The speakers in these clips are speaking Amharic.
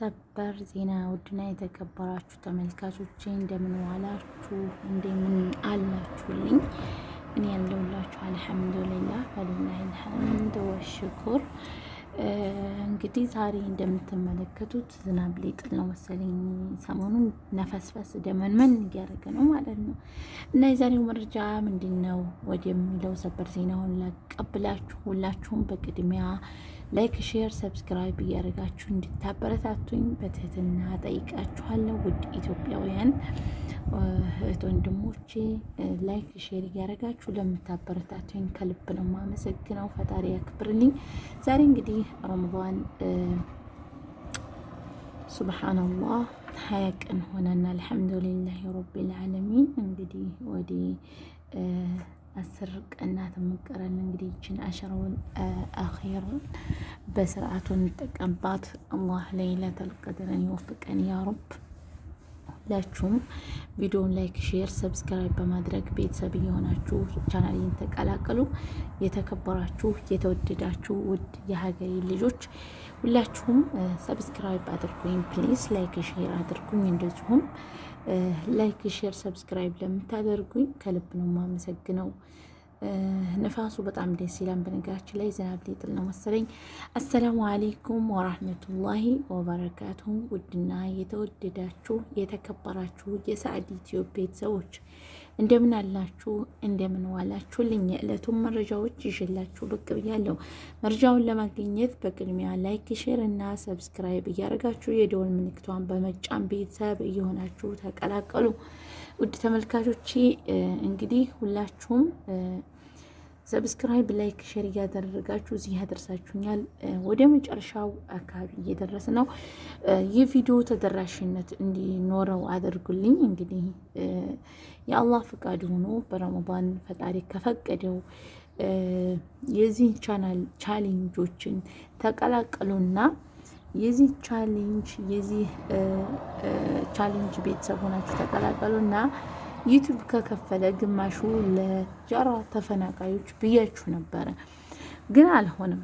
ሰበር ዜና ውድና የተከበራችሁ ተመልካቾቼ እንደምን ዋላችሁ? እንደምን አላችሁልኝ? እኔ ያለሁላችሁ አልሐምዱሊላህ ፈሊላህ ልሐምድ ወሽኩር። እንግዲህ ዛሬ እንደምትመለከቱት ዝናብ ሊጥል ነው መሰለኝ። ሰሞኑን ነፈስፈስ ደመንመን እያደረገ ነው ማለት ነው እና የዛሬው መረጃ ምንድን ነው ወደሚለው ሰበር ዜናውን ላቀብላችሁ ሁላችሁም በቅድሚያ ላይክ፣ ሼር፣ ሰብስክራይብ እያደረጋችሁ እንድታበረታቱኝ በትህትና ጠይቃችኋለሁ። ውድ ኢትዮጵያውያን እህት ወንድሞቼ ላይክ፣ ሼር እያደረጋችሁ ለምታበረታቱኝ ከልብ ነው የማመሰግነው። ፈጣሪ ያክብርልኝ። ዛሬ እንግዲህ ረመዳን ሱብሓነላህ ሀያ ቀን ሆነና አልሐምዱሊላህ ረቢል ዓለሚን እንግዲህ ወደ አስር ቀናት የምቀረን እንግዲህ ይችን አሸረውን አኼርን በስርዓቱ እንጠቀምባት። አላህ ለይለተል ቀድርን ይወፍቀን ያረብ። ሁላችሁም ቪዲዮውን ላይክ፣ ሼር፣ ሰብስክራይብ በማድረግ ቤተሰብ እየሆናችሁ ቻናሌን ተቀላቀሉ። የተከበራችሁ የተወደዳችሁ ውድ የሀገሬ ልጆች ሁላችሁም ሰብስክራይብ አድርጉኝ ፕሊዝ፣ ላይክ ሼር አድርጉኝ። እንደዚሁም ላይክ ሼር ሰብስክራይብ ለምታደርጉኝ ከልብ ነው የማመሰግነው። ንፋሱ በጣም ደስ ይላል። በነገራችን ላይ ዝናብ ሊጥል ነው መሰለኝ። አሰላሙ አሌይኩም ወራህመቱላሂ ወበረካቱ። ውድና የተወደዳችሁ የተከበራችሁ የሰዓድ ኢትዮጵያ ቤተሰቦች እንደምን አላችሁ? እንደምን ዋላችሁልኝ? የዕለቱን መረጃዎች ይዤላችሁ ብቅ ብያለሁ። መረጃውን ለማግኘት በቅድሚያ ላይክ፣ ሼር እና ሰብስክራይብ እያደረጋችሁ የደወል ምልክቷን በመጫን ቤተሰብ እየሆናችሁ ተቀላቀሉ። ውድ ተመልካቾቼ እንግዲህ ሁላችሁም ሰብስክራይብ፣ ላይክ፣ ሼር እያደረጋችሁ እዚህ ያደርሳችሁኛል። ወደ መጨረሻው አካባቢ እየደረሰ ነው። ይህ ቪዲዮ ተደራሽነት እንዲኖረው አድርጉልኝ። እንግዲህ የአላህ ፈቃድ ሆኖ በረመዳን ፈጣሪ ከፈቀደው የዚህ ቻናል ቻሌንጆችን ተቀላቀሉና የዚህ ቻሌንጅ የዚህ ቻሌንጅ ቤተሰብ ሆናችሁ ተቀላቀሉና ዩቱብ ከከፈለ ግማሹ ለጃራ ተፈናቃዮች ብያችሁ ነበረ፣ ግን አልሆንም።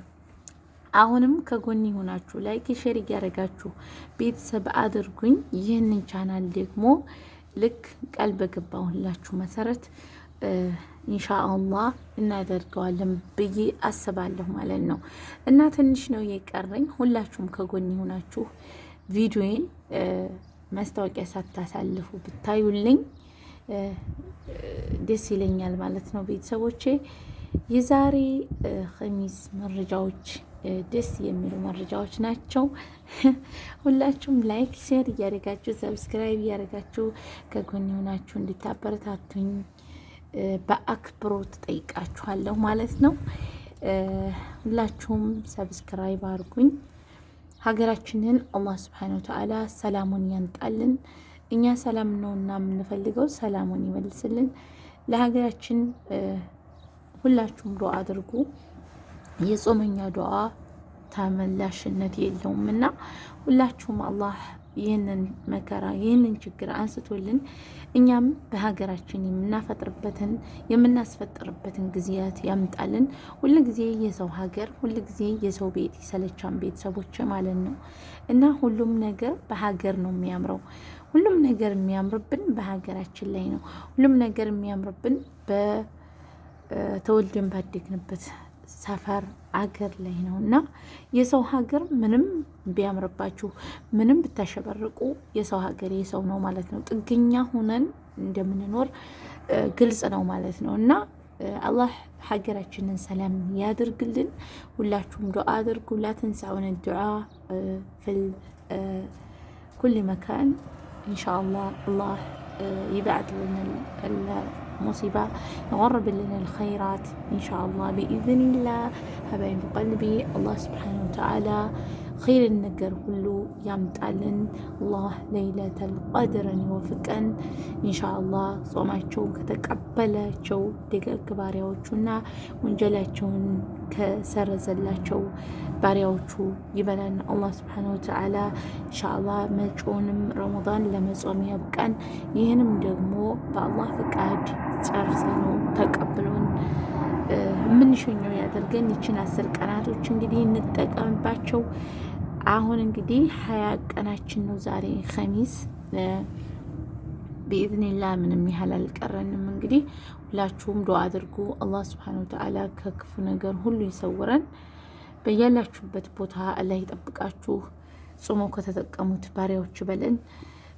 አሁንም ከጎን ይሆናችሁ ላይክ ሼር እያደረጋችሁ ቤተሰብ አድርጉኝ። ይህንን ቻናል ደግሞ ልክ ቃል በገባሁላችሁ መሰረት ኢንሻአላህ እናደርገዋለን ብዬ አስባለሁ ማለት ነው። እና ትንሽ ነው የቀረኝ። ሁላችሁም ከጎን ይሆናችሁ ቪዲዮዬን ማስታወቂያ ሳታሳልፉ ብታዩልኝ ደስ ይለኛል ማለት ነው። ቤተሰቦቼ የዛሬ ኸሚስ መረጃዎች ደስ የሚሉ መረጃዎች ናቸው። ሁላችሁም ላይክ፣ ሼር እያደረጋችሁ ሰብስክራይብ እያደረጋችሁ ከጎን ሆናችሁ እንድታበረታቱኝ በአክብሮት ጠይቃችኋለሁ ማለት ነው። ሁላችሁም ሰብስክራይብ አድርጉኝ። ሀገራችንን አላህ ስብሐነ ወተዓላ ሰላሙን ያንጣልን። እኛ ሰላም እና የምንፈልገው ሰላሙን ይመልስልን። ለሀገራችን ሁላችሁም ዱዓ አድርጉ። የጾመኛ ዱዓ ተመላሽነት የለውም እና ሁላችሁም አላህ ይህንን መከራ ይህንን ችግር አንስቶልን እኛም በሀገራችን የምናፈጥርበትን የምናስፈጥርበትን ጊዜያት ያምጣልን። ሁል ጊዜ የሰው ሀገር ሁል ጊዜ የሰው ቤት ይሰለቻን ቤተሰቦች ማለት ነው እና ሁሉም ነገር በሀገር ነው የሚያምረው። ሁሉም ነገር የሚያምርብን በሀገራችን ላይ ነው። ሁሉም ነገር የሚያምርብን በተወልደን ባደግንበት ሰፈር አገር ላይ ነው እና የሰው ሀገር ምንም ቢያምርባችሁ ምንም ብታሸበርቁ የሰው ሀገር የሰው ነው ማለት ነው። ጥገኛ ሆነን እንደምንኖር ግልጽ ነው ማለት ነው እና አላህ ሀገራችንን ሰላም ያድርግልን። ሁላችሁም ዱዓ አድርጉ። ላትንሳውን ዱዓ ኩል መካን ኢንሻአላህ አላህ ይባዕድልን مصيبة يغرب لنا الخيرات إن شاء الله بإذن الله حبايب قلبي الله سبحانه وتعالى خير النقر كله متعلن الله ليلة القدر يوفقن إن شاء الله ጾማቸውን ከተቀበላቸው ደግ ባሪያዎቹና ወንጀላቸውን ከሰረዘላቸው ባሪያዎቹ ይበለን። አላህ ስብሓነ ወተዓላ እንሻአላ رمضان لما ለመጾም ያብቃን። يهنم ደግሞ በአላህ فكاد ጨርሰ ነው ተቀብሎን ምንሽኛው ያደርገን። ይችን አስር ቀናቶች እንግዲህ እንጠቀምባቸው። አሁን እንግዲህ ሀያ ቀናችን ነው ዛሬ ከሚስ ቢኢዝኒላ ምንም ያህል አልቀረንም። እንግዲህ ሁላችሁም ዶ አድርጉ። አላህ ስብሓን ወተዓላ ከክፉ ነገር ሁሉ ይሰውረን። በያላችሁበት ቦታ አላህ ይጠብቃችሁ። ጾመው ከተጠቀሙት ባሪያዎች በለን።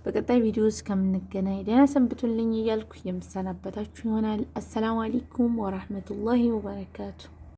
በቀጣይ ቪዲዮ እስከምንገናኝ ደህና ሰንብቱልኝ እያልኩ የምሰናበታችሁ ይሆናል። አሰላሙ አለይኩም ወራህመቱላሂ ወበረካቱሁ